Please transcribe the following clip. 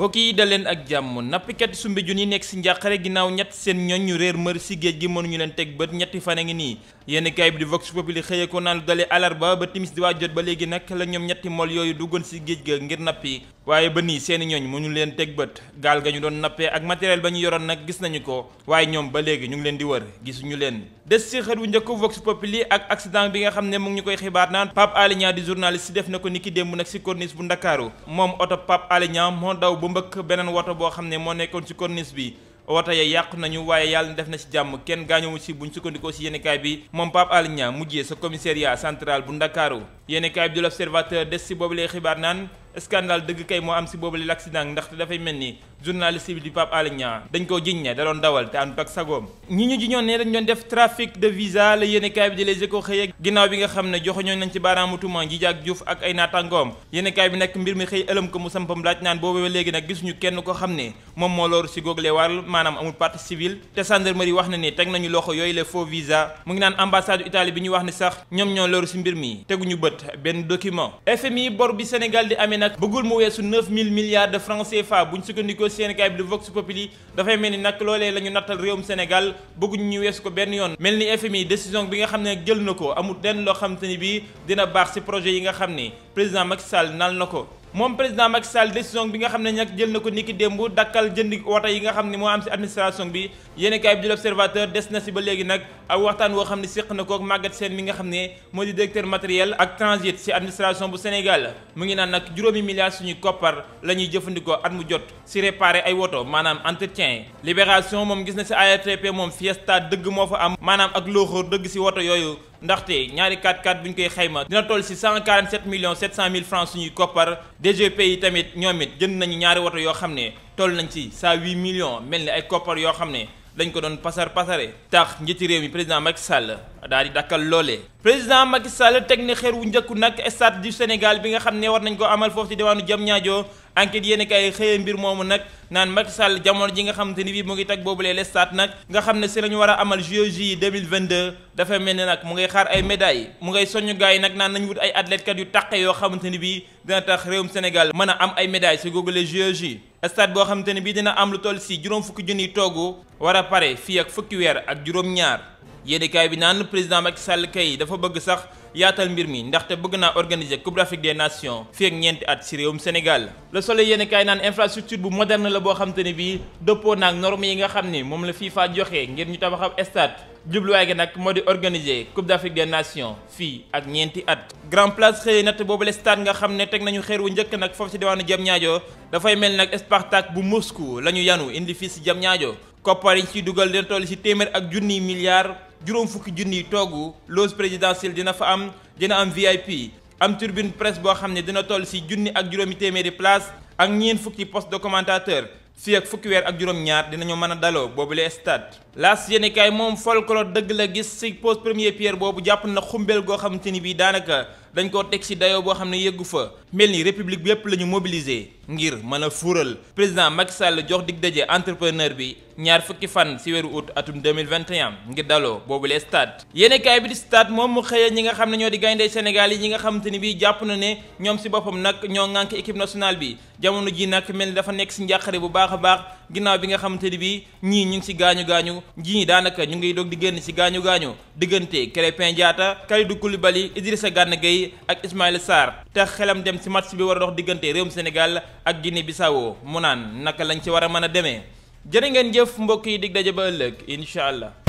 mbokk yi da leen ak jàmm nappkat Soumbédioune yi nekk si njàqare ginnaaw ñett seen ñoñ ñu réer mër si géej gi mënuñu leen teg bët ñetti fan a ngi nii yenn kaay bi di Vox Populi xëyee ko naan lu dalee alarba ba timis di waa jot ba léegi nag la ñoom ñetti mool yooyu duggoon si géej ga ngir nappi waaye ba nii seeni ñooñ mu ñu leen teg bët gaal ga ñu doon nappee ak matériel ba ñu yoroon nag gis nañu ko waaye ñoom ba léegi ñu ngi leen di wër gisuñu leen des ci xët wu njëkk Vox Populi ak accident bi nga xam ne mu ngi ñu koy xibaar naan Pape Alé Niang di journaliste def na ko niki démb nag ci corniche bu Ndakaaru moom oto Pape Alé Niang moo daw ba mbëkk beneen woto boo xam ne moo nekkoon ci corniche bi woto ya yàqu nañu waaye yàlla def na ci jàmm kenn gaañoowu ci buñ sukkandikoo ci yéenekaay bi moom Pape Alé Niang mujjee central bu Ndakaaru yéenekaay bi du l'Observateur des boobu lay xibaar naan scandale dëgg kay moo am si boobu l'accident ndaxte dafay mel ni journaliste bi di Pape dañ koo jiñ ne da doon dawal te ànd ak sagoom ñi ñu jiñoon ne dañ doon def trafic de visa la yéenekaay bi di Les Échos xëy ginnaaw bi nga xam ne joxoñoon nañ ci baaraamu tuuma ji jaak Diouf ak ay naataangoom yéenekaay bi nag mbir mi xëy ëlëm ko mu sampam laaj naan boobu léegi nag gisuñu kenn ko xam ne moom moo looru si góoglee waral maanaam amul partie civile te gendarmerie wax na ne teg nañu loxo yooyu les faux visa mu ngi naan bës yéen kaay bi di Vox Populi dafay mel ni nag loolee la ñu nattal réewum Sénégal bëgguñ ñu wees ko benn yoon mel ni FMI décision bi nga xam ne jël na ko amul lenn loo xam te ni bii dina baax ci projet yi nga xam ni président Macky Sall nal na ko moom président Macky Sall décision bi nga xam ne nag jël na ko niki démb dakkal jënd woto yi nga xam ne moo am si administration bi yéen kaay bi di l'observateur des na si ba léegi nag ak waxtaan woo xam ne séq na ko ak seen mi nga xam ne moo di directeur matériel ak transit si administration bu Sénégal mu ngi naan nag juróomi milliards suñu koppar la ñuy jëfandikoo at mu jot si réparer ay woto maanaam entretien libération moom gis na si ARTP moom fiesta dëgg moo fa am ak looxóor dëgg si woto yooyu ndaxte ñaari 4-4 bu ñu koy xayma dina toll si 147 millions 700 mille francs suñuy koppar DGP yi tamit ñoom it jënd nañu ñaari woto yoo xam ne toll nañ ci si 108 million mel ni ay koppar yoo xam ne dañ ko doon pasar pasare tax njiiti réew mi président Macky Sall daal di dakkal loole président Macky Sall teg na xeer wu njëkku nag stade du Sénégal bi nga xam ne war nañ ko amal foofu ci diwaanu Diamniadio enquête yéen kay xëyee mbir moomu nag naan Macky Sall jamono ji nga xamante ni bii mu ngi teg boobulee lestaat nag nga xam ne si la ñu war a amal JOJ 2022 dafa mel ni nag mu ngay xaar ay médailles mu ngay soññu gars yi nag naan nañu wut ay athlètes kat yu taqe yoo xamante ni bii dina tax réewum Sénégal mën a am ay médailles si googule JOJ stade boo xamante ni bii dina am lu toll si juróom fukki junniy toogu war a pare fii ak fukki weer ak juróom-ñaar yéenekaay bi naan président Macky Sall kay dafa bëgg sax yaatal mbir mi ndaxte bëgg naa organiser Coupe d'Afrique des Nations fii ak ñeenti at ci réewum Sénégal Le Soleil yéenekaay naan infrastructure bu moderne la boo xam ne bii dëppoo naag normes yi nga xam ne moom la FIFA joxe ngir ñu tabax ab stade jubluwaay gi nag di organiser Coupe d'Afrique fii ak ñeenti at. Grand Place xëy natt boobu le stade nga xam ne teg nañu xeer wu njëkk nag foofu ci diwaanu Diamniadio dafay mel nag Spartak bu Moscou la ñu yanu indi fii ci Diamniadio koppar yi ciy dugal den toll ci téeméer ak junniy milliards. juróom fukki yi toogu loge présidentielle dina fa am dina am VIP am turbine presse boo xam ne dina toll si junni ak juróomi téeméeri place ak ñeen fukki poste de commentateur fii ak fukki weer ak juróom-ñaar dinañu mën a daloo boobule stade. laas yéenekaay moom folklore dëgg la gis si pose première pierre boobu jàpp na xumbeel goo xamante ni bii daanaka dañ ko teg si dayoo boo xam ne yëggu fa. mel ni république bi yëpp la ñu mobiliser ngir mën a fuural président Macky Sall jox dig daje entrepreneur bi ñaar fukki fan ci weeru août atum 2021 ngir daloo boobu le stade yéenekaay bi di stade moom mu xëyee ñi nga xam ne ñoo di gayndee Sénégal yi ñi nga xam te bii jàpp na ne ñoom ci boppam nag ñoo ŋànk équipe nationale bi jamono ji nag mel ni dafa nekk ci njàqare bu baax a baax ginnaaw bi nga xam te ni bii ñii ñu ngi ci gaañu gaañu ñii daanaka ñu ngi doog di génn gaañu gaañu diggante Krépin Diatta Kalidou Koulibaly Idrissa Gana Gueye ak Ismaïla Sarr te xelam jëm ci match bi war a dox diggante réewum Sénégal ak Guinée Bissau mu naan naka lañ ci war a mën a demee jërë ngeen jëf mbokk yi di daje ba ëllëg incha allah.